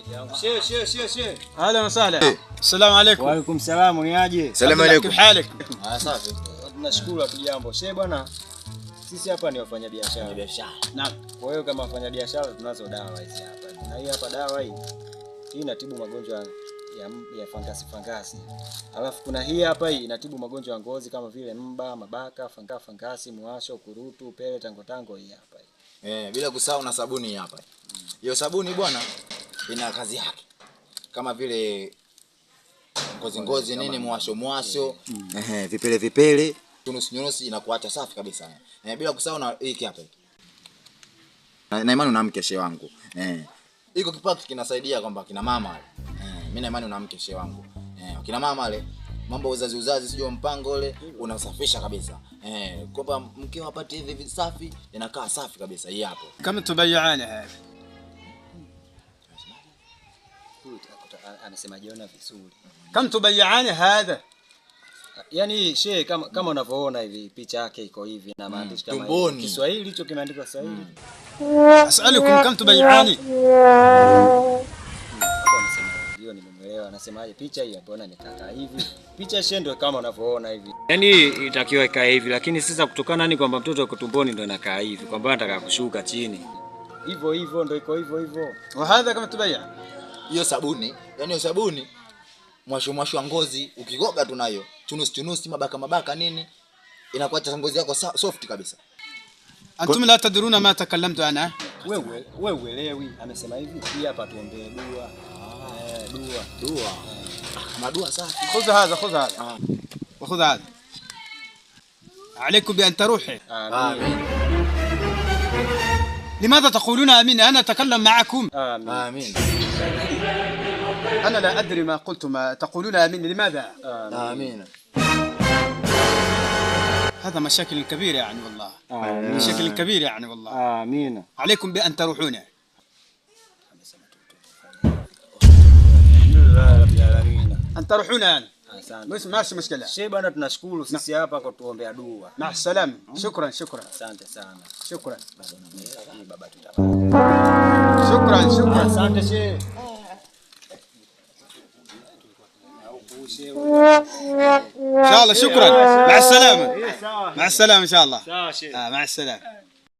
mteja wangu. Shehe shehe Hala wa sahla. Eh. Asalamu alaykum. Wa alaykum salaam, niaje? Salamu alaykum. Halik. Ah, safi. Tunashukuru kwa jambo. Shehe bwana. Sisi hapa ni wafanya biashara. Biashara. Naam. Kwa hiyo kama wafanya biashara tunazo dawa hizi hapa. Na hii hapa dawa hii hii inatibu magonjwa ya, ya fangasi fangasi. Alafu kuna hii hapa hii inatibu magonjwa ya ngozi kama vile mba, mabaka, fanga, fangasi, muasho, kurutu, pele, tango tango hii hapa hii. Eh, bila kusahau na sabuni hapa. Hiyo sabuni bwana ina kazi yake kama vile ngozi ngozi nini mwasho mwasho mm. Ehe, vipele vipele nyunusi nyunusi inakuacha safi kabisa eh, bila kusahau na hiki hapa hiki na imani una mke shehe wangu eh, iko kipaki kinasaidia kwamba kina mama wale eh, mimi na imani una mke shehe wangu eh, kina mama wale mambo uzazi uzazi sio mpango ule unasafisha kabisa eh, kwamba mke wapate hivi safi inakaa safi kabisa hii hapo kama tubayana hapa anasema jiona vizuri kama tubayani hadha yani shehe kama kama unavyoona hivi picha yake iko hivi na maandishi kama hivi Kiswahili hicho kimeandikwa sahihi hmm. asali kum kama tubayani hmm. nimeelewa anasemaje picha hii mbona nikakaa hivi picha shehe ndio kama unavyoona hivi yani itakiwa ikae hivi lakini sasa kutokana nani kwamba mtoto yuko tumboni ndio anakaa hivi kwamba anataka kushuka chini hivyo hivyo ndio iko hivyo hivyo wa hadha kama tubayani hiyo sabuni yani hiyo sabuni mwasho mwasho ngozi ukigoga tunayo chunusi chunusi mabaka mabaka nini inakuwa cha ngozi yako soft kabisa antum la tadruna ma takallamtu ana wewe wewe uelewi amesema hivi pia hapa tuombe ah, eh, dua dua ah, dua dua safi khudha hadha khudha hadha ah. wa khudha hadha bi an taruhi amin لماذا تقولون امين انا اتكلم معكم امين, آمين. أنا لا أدري ما قلتم تقولون آمين لماذا؟ آمين, آمين. هذا مشاكل كبيرة يعني والله آمين. مشاكل كبيرة يعني والله آمين عليكم بأن تروحون أن تروحون الآن مش ماش مشكلة شي بنت نشكول نعم. سيسي هابا كتوهم مع السلامة شكرا شكرا سانتا سانا شكرا شكرا شكرا سانتا شي ان شاء الله شكرا مع السلامه إيه، مع السلامه ان شاء الله آه، مع السلامه